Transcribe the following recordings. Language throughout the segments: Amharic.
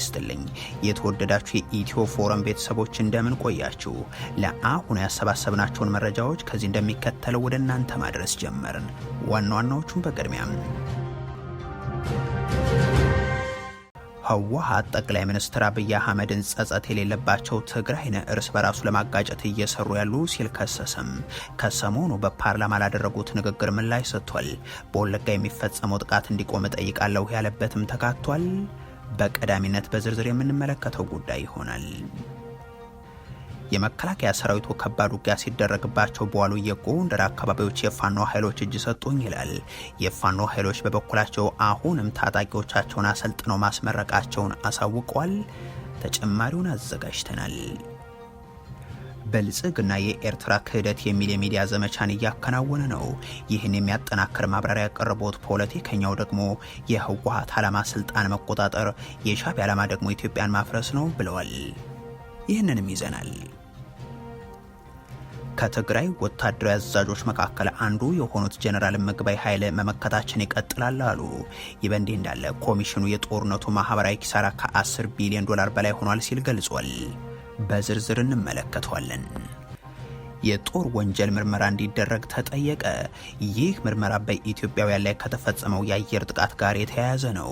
ይስጥልኝ። የተወደዳችሁ የኢትዮ ፎረም ቤተሰቦች እንደምን ቆያችሁ? ለአሁን ያሰባሰብናቸውን መረጃዎች ከዚህ እንደሚከተለው ወደ እናንተ ማድረስ ጀመርን። ዋና ዋናዎቹን በቅድሚያም ህወሓት ጠቅላይ ሚኒስትር አብይ አህመድን ጸጸት የሌለባቸው ትግራይን እርስ በራሱ ለማጋጨት እየሰሩ ያሉ ሲል ከሰሰም። ከሰሞኑ በፓርላማ ላደረጉት ንግግር ምላሽ ሰጥቷል። በወለጋ የሚፈጸመው ጥቃት እንዲቆም እጠይቃለሁ ያለበትም ተካቷል። በቀዳሚነት በዝርዝር የምንመለከተው ጉዳይ ይሆናል። የመከላከያ ሰራዊቱ ከባድ ውጊያ ሲደረግባቸው በዋሉ የጎንደር አካባቢዎች የፋኖ ኃይሎች እጅ ሰጡኝ ይላል። የፋኖ ኃይሎች በበኩላቸው አሁንም ታጣቂዎቻቸውን አሰልጥነው ማስመረቃቸውን አሳውቀዋል። ተጨማሪውን አዘጋጅተናል። ብልጽግና የኤርትራ ክህደት የሚል የሚዲያ ዘመቻን እያከናወነ ነው። ይህን የሚያጠናክር ማብራሪያ ያቀረቡት ፖለቲከኛው ደግሞ የህወሀት ዓላማ ስልጣን መቆጣጠር፣ የሻዕቢያ ዓላማ ደግሞ ኢትዮጵያን ማፍረስ ነው ብለዋል። ይህንንም ይዘናል። ከትግራይ ወታደራዊ አዛዦች መካከል አንዱ የሆኑት ጀኔራል ምግባይ ኃይል መመከታችን ይቀጥላል አሉ። ይህ በእንዲህ እንዳለ ኮሚሽኑ የጦርነቱ ማህበራዊ ኪሳራ ከ10 ቢሊዮን ዶላር በላይ ሆኗል ሲል ገልጿል። በዝርዝር እንመለከተዋለን። የጦር ወንጀል ምርመራ እንዲደረግ ተጠየቀ። ይህ ምርመራ በኢትዮጵያውያን ላይ ከተፈጸመው የአየር ጥቃት ጋር የተያያዘ ነው።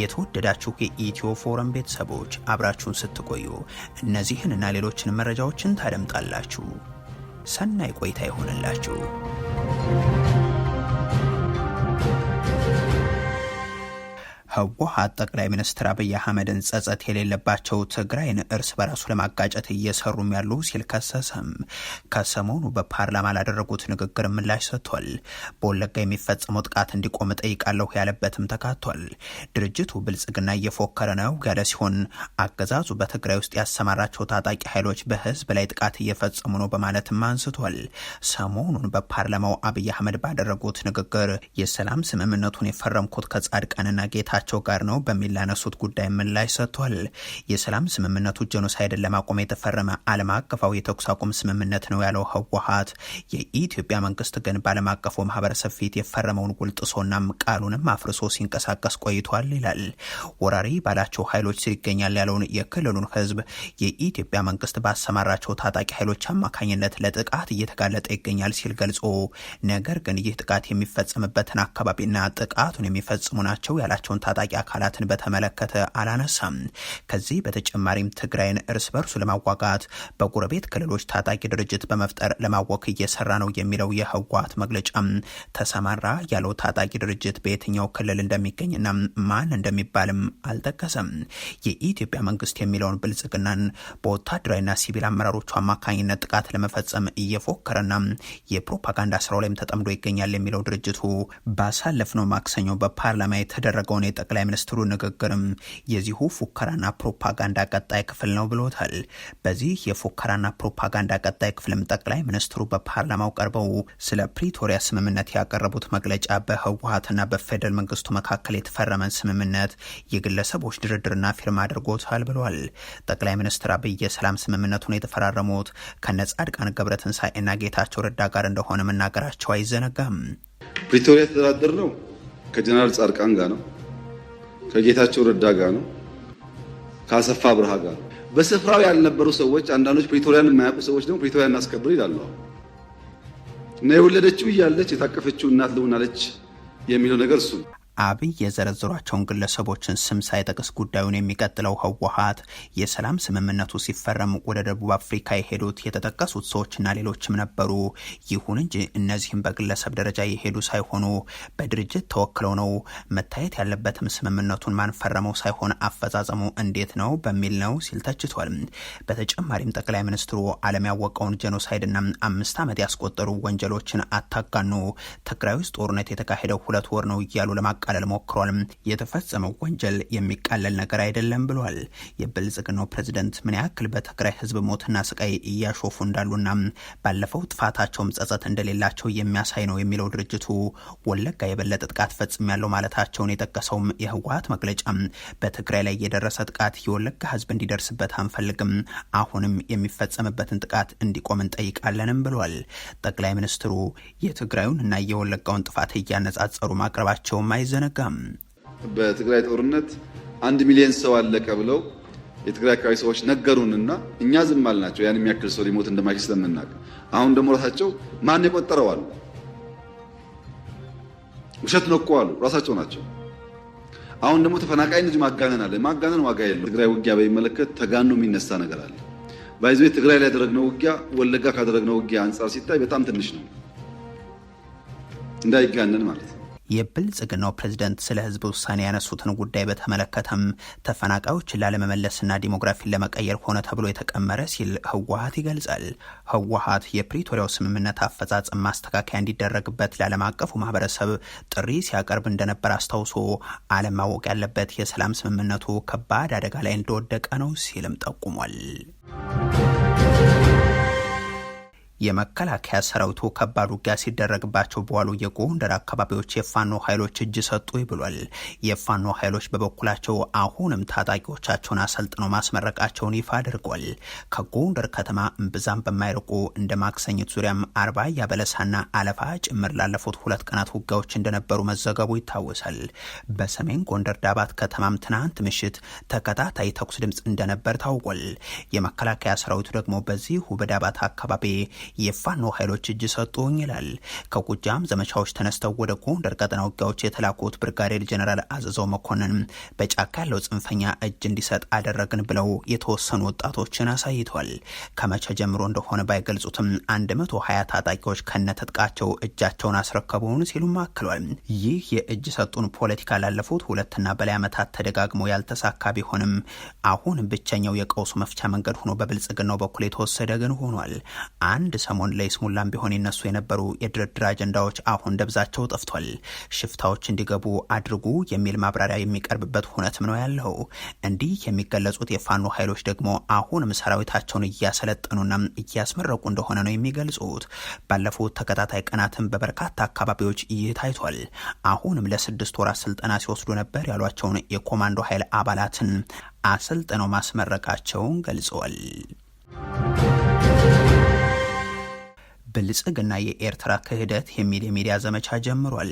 የተወደዳችሁ የኢትዮ ፎረም ቤተሰቦች አብራችሁን ስትቆዩ እነዚህንና ሌሎችን መረጃዎችን ታደምጣላችሁ። ሰናይ ቆይታ ይሆንላችሁ። ህወሓት ጠቅላይ ሚኒስትር አብይ አህመድን ጸጸት የሌለባቸው ትግራይን እርስ በራሱ ለማጋጨት እየሰሩም ያሉ ሲል ከሰሰም። ከሰሞኑ በፓርላማ ላደረጉት ንግግር ምላሽ ሰጥቷል። በወለጋ የሚፈጸመው ጥቃት እንዲቆም ጠይቃለሁ ያለበትም ተካቷል። ድርጅቱ ብልጽግና እየፎከረ ነው ያለ ሲሆን አገዛዙ በትግራይ ውስጥ ያሰማራቸው ታጣቂ ኃይሎች በህዝብ ላይ ጥቃት እየፈጸሙ ነው በማለትም አንስቷል። ሰሞኑን በፓርላማው አብይ አህመድ ባደረጉት ንግግር የሰላም ስምምነቱን የፈረምኩት ከጻድቃንና ጌታ ከመሆናቸው ጋር ነው በሚል ላነሱት ጉዳይ ምላሽ ሰጥቷል። የሰላም ስምምነቱ ጀኖሳይድን ለማቆም የተፈረመ ዓለም አቀፋዊ የተኩስ አቁም ስምምነት ነው ያለው ህወሓት የኢትዮጵያ መንግስት ግን በዓለም አቀፉ ማህበረሰብ ፊት የፈረመውን ጉልጥሶናም ቃሉንም አፍርሶ ሲንቀሳቀስ ቆይቷል ይላል። ወራሪ ባላቸው ኃይሎች ስር ይገኛል ያለውን የክልሉን ህዝብ የኢትዮጵያ መንግስት ባሰማራቸው ታጣቂ ኃይሎች አማካኝነት ለጥቃት እየተጋለጠ ይገኛል ሲል ገልጾ ነገር ግን ይህ ጥቃት የሚፈጸምበትን አካባቢና ጥቃቱን የሚፈጽሙ ናቸው ያላቸውን ታጣቂ አካላትን በተመለከተ አላነሳም። ከዚህ በተጨማሪም ትግራይን እርስ በርሱ ለማዋጋት በጎረቤት ክልሎች ታጣቂ ድርጅት በመፍጠር ለማወክ እየሰራ ነው የሚለው የህወሓት መግለጫ ተሰማራ ያለው ታጣቂ ድርጅት በየትኛው ክልል እንደሚገኝና ማን እንደሚባልም አልጠቀሰም። የኢትዮጵያ መንግስት የሚለውን ብልጽግናን በወታደራዊና ሲቪል አመራሮቹ አማካኝነት ጥቃት ለመፈጸም እየፎከረና የፕሮፓጋንዳ ስራው ላይም ተጠምዶ ይገኛል የሚለው ድርጅቱ ባሳለፍነው ማክሰኞ በፓርላማ የተደረገውን ጠቅላይ ሚኒስትሩ ንግግርም የዚሁ ፉከራና ፕሮፓጋንዳ ቀጣይ ክፍል ነው ብሎታል። በዚህ የፉከራና ፕሮፓጋንዳ ቀጣይ ክፍልም ጠቅላይ ሚኒስትሩ በፓርላማው ቀርበው ስለ ፕሪቶሪያ ስምምነት ያቀረቡት መግለጫ በህወሀትና በፌደራል መንግስቱ መካከል የተፈረመን ስምምነት የግለሰቦች ድርድርና ፊርማ አድርጎታል ብሏል። ጠቅላይ ሚኒስትር አብይ የሰላም ስምምነቱን የተፈራረሙት ከነጻድቃን ገብረትንሳኤና ጌታቸው ረዳ ጋር እንደሆነ መናገራቸው አይዘነጋም። ፕሪቶሪያ የተደራደር ነው ከጀነራል ጻድቃን ጋር ነው ከጌታቸው ረዳ ጋር ነው፣ ከአሰፋ ብርሃ ጋር በስፍራው ያልነበሩ ሰዎች፣ አንዳንዶች ፕሪቶሪያን የማያውቁ ሰዎች ደግሞ ፕሪቶሪያን እናስከብር ይላሉ። እና የወለደችው እያለች የታቀፈችው እናት ልሆናለች የሚለው ነገር እሱ ነው። አብይ የዘረዘሯቸውን ግለሰቦችን ስም ሳይጠቅስ ጉዳዩን የሚቀጥለው ህወሓት የሰላም ስምምነቱ ሲፈረም ወደ ደቡብ አፍሪካ የሄዱት የተጠቀሱት ሰዎችና ሌሎችም ነበሩ። ይሁን እንጂ እነዚህም በግለሰብ ደረጃ የሄዱ ሳይሆኑ በድርጅት ተወክለው ነው። መታየት ያለበትም ስምምነቱን ማንፈረመው ሳይሆን አፈጻጸሙ እንዴት ነው በሚል ነው ሲል ተችቷል። በተጨማሪም ጠቅላይ ሚኒስትሩ ዓለም ያወቀውን ጄኖሳይድና አምስት ዓመት ያስቆጠሩ ወንጀሎችን አታጋኑ፣ ትግራይ ውስጥ ጦርነት የተካሄደው ሁለት ወር ነው እያሉ ለማቀ ለማቃለል ሞክሯል። የተፈጸመው ወንጀል የሚቃለል ነገር አይደለም ብሏል። የብልጽግናው ፕሬዚደንት ምን ያክል በትግራይ ህዝብ ሞትና ስቃይ እያሾፉ እንዳሉና ባለፈው ጥፋታቸውም ጸጸት እንደሌላቸው የሚያሳይ ነው የሚለው ድርጅቱ ወለጋ የበለጠ ጥቃት ፈጽም ያለው ማለታቸውን የጠቀሰውም የህወሀት መግለጫ በትግራይ ላይ የደረሰ ጥቃት የወለጋ ህዝብ እንዲደርስበት አንፈልግም፣ አሁንም የሚፈጸምበትን ጥቃት እንዲቆም እንጠይቃለንም ብሏል። ጠቅላይ ሚኒስትሩ የትግራዩን እና የወለጋውን ጥፋት እያነጻጸሩ ማቅረባቸውም አይዘ አይዘነጋም። በትግራይ ጦርነት አንድ ሚሊዮን ሰው አለቀ ብለው የትግራይ አካባቢ ሰዎች ነገሩንና እኛ ዝም አልናቸው። ያን የሚያክል ሰው ሊሞት እንደማይችል ስለምናውቅ አሁን ደግሞ ራሳቸው ማን የቆጠረው አሉ። ውሸት ነው እኮ አሉ ራሳቸው ናቸው። አሁን ደግሞ ተፈናቃይ ልጅ ማጋነን አለ። ማጋነን ዋጋ የለው። ትግራይ ውጊያ በሚመለከት ተጋኖ የሚነሳ ነገር አለ። ባይዞ ትግራይ ላይ ያደረግነው ውጊያ ወለጋ ካደረግነው ውጊያ አንጻር ሲታይ በጣም ትንሽ ነው፣ እንዳይጋነን ማለት ነው። የብልጽግናው ፕሬዝደንት ስለ ህዝብ ውሳኔ ያነሱትን ጉዳይ በተመለከተም ተፈናቃዮችን ላለመመለስና ዲሞግራፊን ለመቀየር ሆነ ተብሎ የተቀመረ ሲል ህወሀት ይገልጻል። ህወሀት የፕሪቶሪያው ስምምነት አፈጻጸም ማስተካከያ እንዲደረግበት ለዓለም አቀፉ ማህበረሰብ ጥሪ ሲያቀርብ እንደነበር አስታውሶ ዓለም ማወቅ ያለበት የሰላም ስምምነቱ ከባድ አደጋ ላይ እንደወደቀ ነው ሲልም ጠቁሟል። የመከላከያ ሰራዊቱ ከባድ ውጊያ ሲደረግባቸው በዋሉ የጎንደር አካባቢዎች የፋኖ ኃይሎች እጅ ሰጡ ብሏል። የፋኖ ኃይሎች በበኩላቸው አሁንም ታጣቂዎቻቸውን አሰልጥነው ማስመረቃቸውን ይፋ አድርጓል። ከጎንደር ከተማ እምብዛም በማይርቁ እንደ ማክሰኝት ዙሪያም አርባ ያበለሳና አለፋ ጭምር ላለፉት ሁለት ቀናት ውጊያዎች እንደነበሩ መዘገቡ ይታወሳል። በሰሜን ጎንደር ዳባት ከተማም ትናንት ምሽት ተከታታይ ተኩስ ድምፅ እንደነበር ታውቋል። የመከላከያ ሰራዊቱ ደግሞ በዚሁ በዳባት አካባቢ የፋኖ ኃይሎች እጅ ሰጡኝ ይላል። ከጎጃም ዘመቻዎች ተነስተው ወደ ጎንደር ቀጠና ውጊያዎች የተላኩት ብርጋዴር ጀነራል አዘዘው መኮንን በጫካ ያለው ጽንፈኛ እጅ እንዲሰጥ አደረግን ብለው የተወሰኑ ወጣቶችን አሳይቷል። ከመቼ ጀምሮ እንደሆነ ባይገልጹትም 120 ታጣቂዎች ከነትጥቃቸው እጃቸውን አስረከቡን ሲሉም አክሏል። ይህ የእጅ ሰጡን ፖለቲካ ላለፉት ሁለትና በላይ ዓመታት ተደጋግሞ ያልተሳካ ቢሆንም አሁን ብቸኛው የቀውሱ መፍቻ መንገድ ሆኖ በብልጽግናው በኩል የተወሰደ ግን ሆኗል። አንድ ሰሞን ለይስሙላም ቢሆን ይነሱ የነበሩ የድርድር አጀንዳዎች አሁን ደብዛቸው ጠፍቷል። ሽፍታዎች እንዲገቡ አድርጉ የሚል ማብራሪያ የሚቀርብበት ሁነትም ነው ያለው። እንዲህ የሚገለጹት የፋኖ ኃይሎች ደግሞ አሁንም ሰራዊታቸውን እያሰለጠኑና እያስመረቁ እንደሆነ ነው የሚገልጹት። ባለፉት ተከታታይ ቀናትም በበርካታ አካባቢዎች ይህ ታይቷል። አሁንም ለስድስት ወራት ስልጠና ሲወስዱ ነበር ያሏቸውን የኮማንዶ ኃይል አባላትን አሰልጥነው ማስመረቃቸውን ገልጸዋል። ብልጽግና የኤርትራ ክህደት የሚል የሚዲያ ዘመቻ ጀምሯል።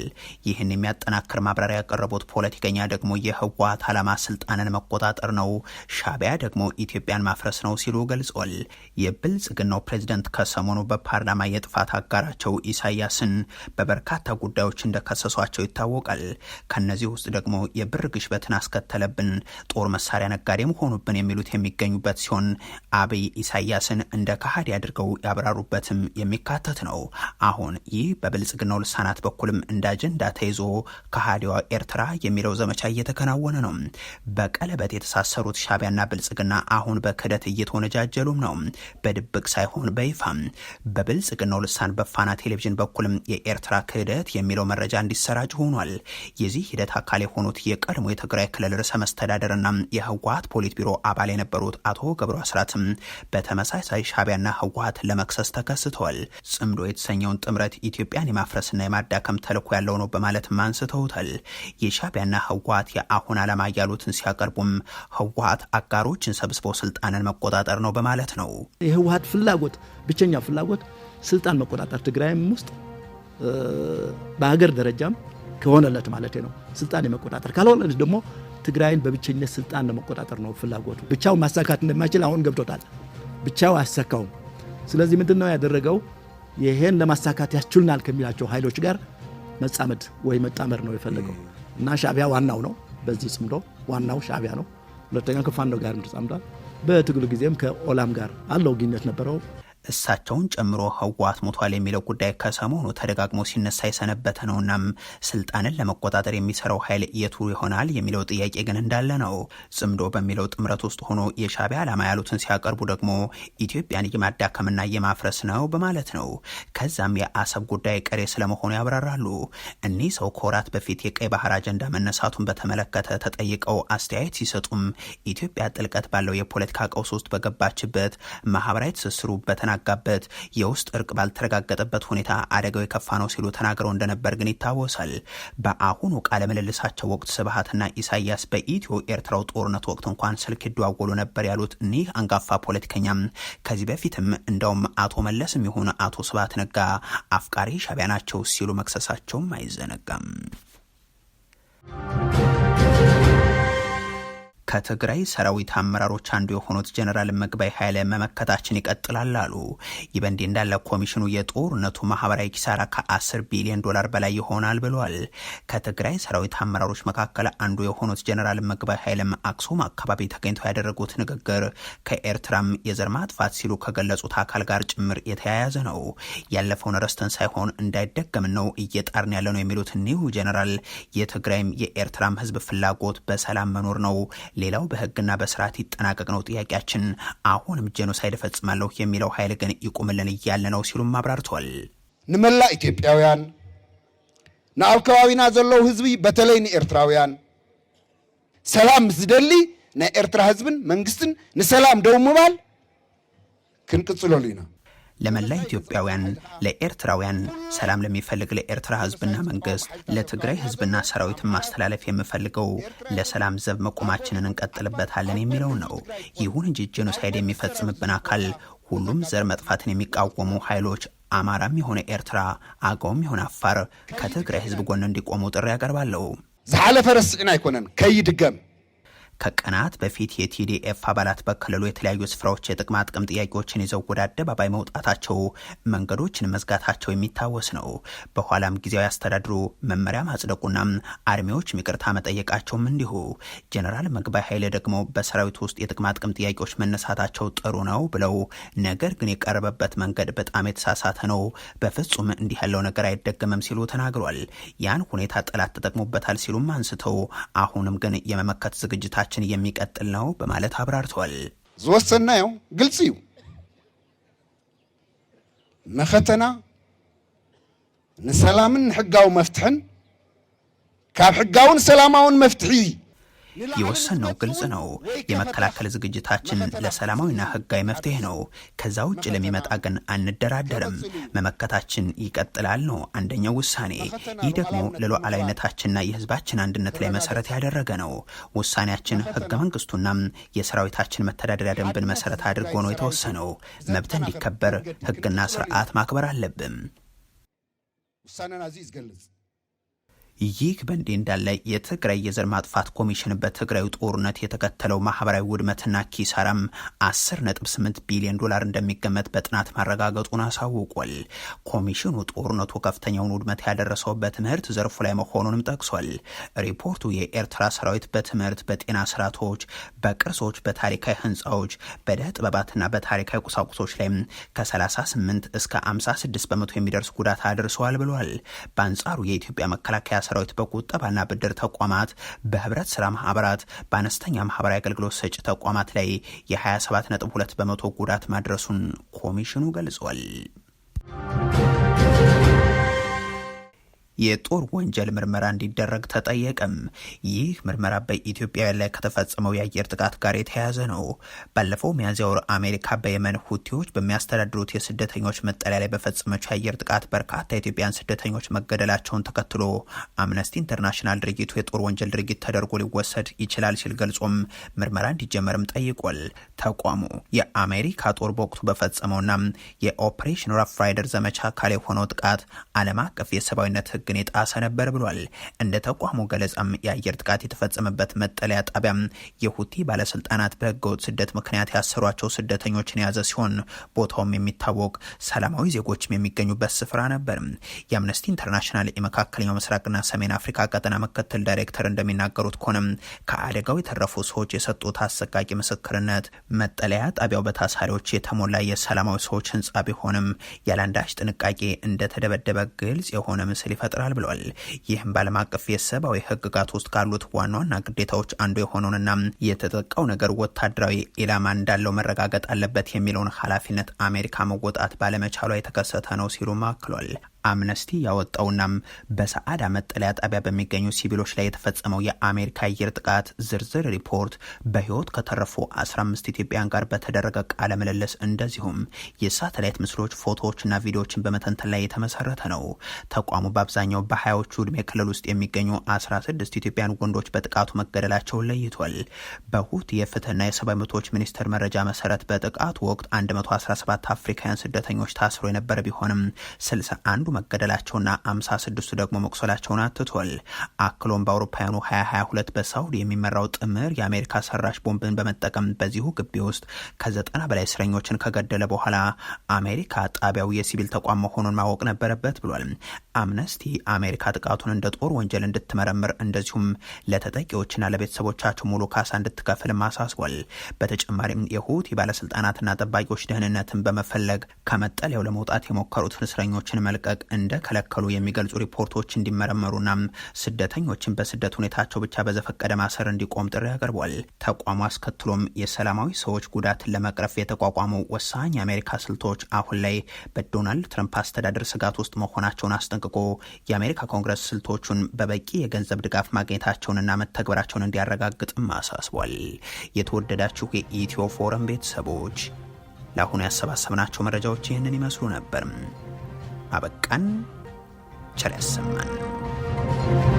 ይህን የሚያጠናክር ማብራሪያ ያቀረቡት ፖለቲከኛ ደግሞ የህወሀት አላማ ስልጣንን መቆጣጠር ነው፣ ሻቢያ ደግሞ ኢትዮጵያን ማፍረስ ነው ሲሉ ገልጿል። የብልጽግናው ፕሬዝደንት ከሰሞኑ በፓርላማ የጥፋት አጋራቸው ኢሳያስን በበርካታ ጉዳዮች እንደከሰሷቸው ይታወቃል። ከነዚህ ውስጥ ደግሞ የብር ግሽበትን አስከተለብን፣ ጦር መሳሪያ ነጋዴም ሆኑብን የሚሉት የሚገኙበት ሲሆን አብይ ኢሳያስን እንደ ካሃዲ አድርገው ያብራሩበትም የሚካ የሚካተት ነው። አሁን ይህ በብልጽግናው ልሳናት በኩልም እንደ አጀንዳ ተይዞ ከሃዲዋ ኤርትራ የሚለው ዘመቻ እየተከናወነ ነው። በቀለበት የተሳሰሩት ሻቢያና ብልጽግና አሁን በክደት እየተወነጃጀሉም ነው። በድብቅ ሳይሆን በይፋ በብልጽግናው ልሳን በፋና ቴሌቪዥን በኩልም የኤርትራ ክህደት የሚለው መረጃ እንዲሰራጭ ሆኗል። የዚህ ሂደት አካል የሆኑት የቀድሞ የትግራይ ክልል ርዕሰ መስተዳደርና የህወሀት ፖሊት ቢሮ አባል የነበሩት አቶ ገብሩ አስራትም በተመሳሳይ ሻቢያና ህወሀት ለመክሰስ ተከስተዋል። ጽምዶ የተሰኘውን ጥምረት ኢትዮጵያን የማፍረስና የማዳከም ተልዕኮ ያለው ነው በማለትም አንስተውታል። የሻቢያና ህወሀት የአሁን ዓላማ ያሉትን ሲያቀርቡም ህወሀት አጋሮችን ሰብስበው ስልጣንን መቆጣጠር ነው በማለት ነው። የህወሀት ፍላጎት ብቸኛ ፍላጎት ስልጣን መቆጣጠር ትግራይም ውስጥ በሀገር ደረጃም ከሆነለት ማለት ነው ስልጣን የመቆጣጠር ካልሆነለት ደግሞ ትግራይን በብቸኝነት ስልጣን ለመቆጣጠር ነው ፍላጎቱ። ብቻው ማሳካት እንደማይችል አሁን ገብቶታል። ብቻው አያሳካውም። ስለዚህ ምንድን ነው ያደረገው? ይሄን ለማሳካት ያስችልናል ከሚላቸው ኃይሎች ጋር መጻመድ ወይ መጣመር ነው የፈለገው እና ሻቢያ ዋናው ነው። በዚህ ጽምዶ ዋናው ሻቢያ ነው። ሁለተኛ ከፋኖ ጋር ተጻምዷል። በትግሉ ጊዜም ከኦላም ጋር አለው ግንኙነት ነበረው። እሳቸውን ጨምሮ ህወሓት ሞቷል የሚለው ጉዳይ ከሰሞኑ ተደጋግሞ ሲነሳ የሰነበተ ነውና ስልጣንን ለመቆጣጠር የሚሰራው ኃይል የቱ ይሆናል የሚለው ጥያቄ ግን እንዳለ ነው። ጽምዶ በሚለው ጥምረት ውስጥ ሆኖ የሻቢያ ዓላማ ያሉትን ሲያቀርቡ ደግሞ ኢትዮጵያን የማዳከምና የማፍረስ ነው በማለት ነው። ከዛም የአሰብ ጉዳይ ቀሬ ስለመሆኑ ያብራራሉ። እኒህ ሰው ከወራት በፊት የቀይ ባህር አጀንዳ መነሳቱን በተመለከተ ተጠይቀው አስተያየት ሲሰጡም ኢትዮጵያ ጥልቀት ባለው የፖለቲካ ቀውስ ውስጥ በገባችበት ማህበራዊ ትስስሩ በተና በተናጋበት የውስጥ እርቅ ባልተረጋገጠበት ሁኔታ አደጋው የከፋ ነው ሲሉ ተናግረው እንደነበር ግን ይታወሳል። በአሁኑ ቃለ ምልልሳቸው ወቅት ስብሀትና ኢሳያስ በኢትዮ ኤርትራው ጦርነት ወቅት እንኳን ስልክ ይደዋወሉ ነበር ያሉት እኒህ አንጋፋ ፖለቲከኛም ከዚህ በፊትም እንደውም አቶ መለስም ይሁን አቶ ስብሀት ነጋ አፍቃሪ ሻቢያ ናቸው ሲሉ መክሰሳቸውም አይዘነጋም። ከትግራይ ሰራዊት አመራሮች አንዱ የሆኑት ጀነራል ምግባይ ኃይለ መመከታችን ይቀጥላል አሉ። ይህ በእንዲህ እንዳለ ኮሚሽኑ የጦርነቱ ማህበራዊ ኪሳራ ከ10 ቢሊዮን ዶላር በላይ ይሆናል ብሏል። ከትግራይ ሰራዊት አመራሮች መካከል አንዱ የሆኑት ጀነራል ምግባይ ኃይለ አክሱም አካባቢ ተገኝተው ያደረጉት ንግግር ከኤርትራም የዘር ማጥፋት ሲሉ ከገለጹት አካል ጋር ጭምር የተያያዘ ነው። ያለፈውን ረስተን ሳይሆን እንዳይደገም ነው እየጣርን ያለ ነው የሚሉት እኒሁ ጀነራል የትግራይም የኤርትራም ህዝብ ፍላጎት በሰላም መኖር ነው ሌላው በህግና በስርዓት ይጠናቀቅ ነው ጥያቄያችን። አሁንም ጄኖሳይድ እፈጽማለሁ የሚለው ኃይል ግን ይቁምልን እያለ ነው ሲሉም አብራርቷል። ንመላ ኢትዮጵያውያን ንአብ ከባቢና ዘለው ህዝቢ በተለይ ንኤርትራውያን ሰላም ዝደሊ ናይ ኤርትራ ህዝብን መንግስትን ንሰላም ደው ምባል ክንቅፅለሉ ኢና ለመላ ኢትዮጵያውያን፣ ለኤርትራውያን፣ ሰላም ለሚፈልግ ለኤርትራ ህዝብና መንግስት፣ ለትግራይ ህዝብና ሰራዊትን ማስተላለፍ የምፈልገው ለሰላም ዘብ መቆማችንን እንቀጥልበታለን የሚለው ነው። ይሁን እንጂ ጄኖሳይድ የሚፈጽምብን አካል ሁሉም ዘር መጥፋትን የሚቃወሙ ኃይሎች አማራም የሆነ ኤርትራ፣ አገውም የሆነ አፋር ከትግራይ ህዝብ ጎን እንዲቆሙ ጥሪ ያቀርባለሁ። ዝሓለፈ ረስዕን አይኮነን ከይድገም ከቀናት በፊት የቲዲኤፍ አባላት በክልሉ የተለያዩ ስፍራዎች የጥቅማ ጥቅም ጥያቄዎችን ይዘው ወደ አደባባይ መውጣታቸው፣ መንገዶችን መዝጋታቸው የሚታወስ ነው። በኋላም ጊዜያዊ አስተዳድሩ መመሪያ ማጽደቁና አርሚዎች ይቅርታ መጠየቃቸውም እንዲሁ። ጀነራል መግባይ ኃይሌ ደግሞ በሰራዊቱ ውስጥ የጥቅማ ጥቅም ጥያቄዎች መነሳታቸው ጥሩ ነው ብለው፣ ነገር ግን የቀረበበት መንገድ በጣም የተሳሳተ ነው፣ በፍጹም እንዲህ ያለው ነገር አይደገምም ሲሉ ተናግሯል። ያን ሁኔታ ጠላት ተጠቅሞበታል ሲሉም አንስተው አሁንም ግን የመመከት ዝግጅታ ጥረታችን የሚቀጥል ነው በማለት አብራርተዋል። ያው ግልጽ እዩ መኸተና ንሰላምን ንሕጋዊ መፍትሕን ካብ ሕጋውን ሰላማውን መፍትሒ የወሰንነው ግልጽ ነው። የመከላከል ዝግጅታችን ለሰላማዊና ህጋዊ መፍትሄ ነው። ከዛ ውጭ ለሚመጣ ግን አንደራደርም። መመከታችን ይቀጥላል ነው አንደኛው ውሳኔ። ይህ ደግሞ ለሉዓላዊነታችንና የህዝባችን አንድነት ላይ መሰረት ያደረገ ነው። ውሳኔያችን ህገ መንግስቱና የሰራዊታችን መተዳደሪያ ደንብን መሰረት አድርጎ ነው የተወሰነው። መብት እንዲከበር ህግና ስርዓት ማክበር አለብን። ውሳኔን አዚዝ ይዝገልጽ ይህ በእንዲህ እንዳለ የትግራይ የዘር ማጥፋት ኮሚሽን በትግራዩ ጦርነት የተከተለው ማህበራዊ ውድመትና ኪሳራም 18 ቢሊዮን ዶላር እንደሚገመት በጥናት ማረጋገጡን አሳውቋል። ኮሚሽኑ ጦርነቱ ከፍተኛውን ውድመት ያደረሰው በትምህርት ዘርፉ ላይ መሆኑንም ጠቅሷል። ሪፖርቱ የኤርትራ ሰራዊት በትምህርት፣ በጤና ስርዓቶች፣ በቅርሶች፣ በታሪካዊ ህንፃዎች፣ በደህ ጥበባትና በታሪካዊ ቁሳቁሶች ላይ ከ38 እስከ 56 በመቶ የሚደርስ ጉዳት አድርሰዋል ብሏል። በአንጻሩ የኢትዮጵያ መከላከያ ሰራዊት በቁጠባና ብድር ተቋማት፣ በህብረት ስራ ማህበራት፣ በአነስተኛ ማህበራዊ አገልግሎት ሰጪ ተቋማት ላይ የ27.2 በመቶ ጉዳት ማድረሱን ኮሚሽኑ ገልጿል። የጦር ወንጀል ምርመራ እንዲደረግ ተጠየቀም። ይህ ምርመራ በኢትዮጵያ ላይ ከተፈጸመው የአየር ጥቃት ጋር የተያያዘ ነው። ባለፈው ሚያዝያ ወር አሜሪካ በየመን ሁቲዎች በሚያስተዳድሩት የስደተኞች መጠለያ ላይ በፈጸመችው የአየር ጥቃት በርካታ ኢትዮጵያን ስደተኞች መገደላቸውን ተከትሎ አምነስቲ ኢንተርናሽናል ድርጊቱ የጦር ወንጀል ድርጊት ተደርጎ ሊወሰድ ይችላል ሲል ገልጾም ምርመራ እንዲጀመርም ጠይቋል። ተቋሙ የአሜሪካ ጦር በወቅቱ በፈጸመውና የኦፕሬሽን ራፍ ራይደር ዘመቻ አካል የሆነው ጥቃት ዓለም አቀፍ የሰብአዊነት ሕግን የጣሰ ነበር ብሏል። እንደ ተቋሙ ገለጻም የአየር ጥቃት የተፈጸመበት መጠለያ ጣቢያም የሁቲ ባለስልጣናት በህገወጥ ስደት ምክንያት ያሰሯቸው ስደተኞችን የያዘ ሲሆን ቦታውም የሚታወቅ ሰላማዊ ዜጎችም የሚገኙበት ስፍራ ነበር። የአምነስቲ ኢንተርናሽናል የመካከለኛው ምስራቅና ሰሜን አፍሪካ ቀጠና ምክትል ዳይሬክተር እንደሚናገሩት ከሆነም ከአደጋው የተረፉ ሰዎች የሰጡት አሰቃቂ ምስክርነት መጠለያ ጣቢያው በታሳሪዎች የተሞላ የሰላማዊ ሰዎች ህንፃ ቢሆንም ያለአንዳች ጥንቃቄ እንደተደበደበ ግልጽ የሆነ ምስል ይፈጥራል። ይፈጥራል ብለዋል። ይህም በዓለም አቀፍ የሰብአዊ ህግጋት ውስጥ ካሉት ዋና ዋና ግዴታዎች አንዱ የሆነውንና የተጠቃው ነገር ወታደራዊ ኢላማ እንዳለው መረጋገጥ አለበት የሚለውን ኃላፊነት አሜሪካ መወጣት ባለመቻሏ የተከሰተ ነው ሲሉ አክሏል። አምነስቲ ያወጣውናም በሰዓዳ መጠለያ ጣቢያ በሚገኙ ሲቪሎች ላይ የተፈጸመው የአሜሪካ አየር ጥቃት ዝርዝር ሪፖርት በህይወት ከተረፉ 15 ኢትዮጵያውያን ጋር በተደረገ ቃለ ምልልስ እንደዚሁም የሳተላይት ምስሎች፣ ፎቶዎችና ቪዲዮዎችን በመተንተን ላይ የተመሰረተ ነው። ተቋሙ በአብዛኛው በሀያዎቹ ዕድሜ ክልል ውስጥ የሚገኙ 16 ኢትዮጵያውያን ወንዶች በጥቃቱ መገደላቸውን ለይቷል። በሁት የፍትህና የሰብአዊ መብቶች ሚኒስቴር መረጃ መሰረት በጥቃቱ ወቅት 117 አፍሪካውያን ስደተኞች ታስሮ የነበረ ቢሆንም 61 መገደላቸውና 56ቱ ደግሞ መቁሰላቸውን አትቷል። አክሎም በአውሮፓውያኑ 2022 በሳውዲ የሚመራው ጥምር የአሜሪካ ሰራሽ ቦምብን በመጠቀም በዚሁ ግቢ ውስጥ ከዘጠና በላይ እስረኞችን ከገደለ በኋላ አሜሪካ ጣቢያው የሲቪል ተቋም መሆኑን ማወቅ ነበረበት ብሏል። አምነስቲ አሜሪካ ጥቃቱን እንደ ጦር ወንጀል እንድትመረምር እንደዚሁም ለተጠቂዎችና ለቤተሰቦቻቸው ሙሉ ካሳ እንድትከፍል አሳስቧል። በተጨማሪም የሁቲ ባለስልጣናትና ጠባቂዎች ደህንነትን በመፈለግ ከመጠለያው ለመውጣት የሞከሩትን እስረኞችን መልቀቅ እንደከለከሉ የሚገልጹ ሪፖርቶች እንዲመረመሩና ስደተኞችን በስደት ሁኔታቸው ብቻ በዘፈቀደ ማሰር እንዲቆም ጥሪ አቅርቧል። ተቋሙ አስከትሎም የሰላማዊ ሰዎች ጉዳትን ለመቅረፍ የተቋቋሙ ወሳኝ የአሜሪካ ስልቶች አሁን ላይ በዶናልድ ትረምፕ አስተዳደር ስጋት ውስጥ መሆናቸውን አስጠንቅቆ የአሜሪካ ኮንግረስ ስልቶቹን በበቂ የገንዘብ ድጋፍ ማግኘታቸውንና መተግበራቸውን እንዲያረጋግጥም አሳስቧል። የተወደዳችሁ የኢትዮ ፎረም ቤተሰቦች ለአሁኑ ያሰባሰብናቸው መረጃዎች ይህንን ይመስሉ ነበር። አበቃን። ቸር ያሰማን።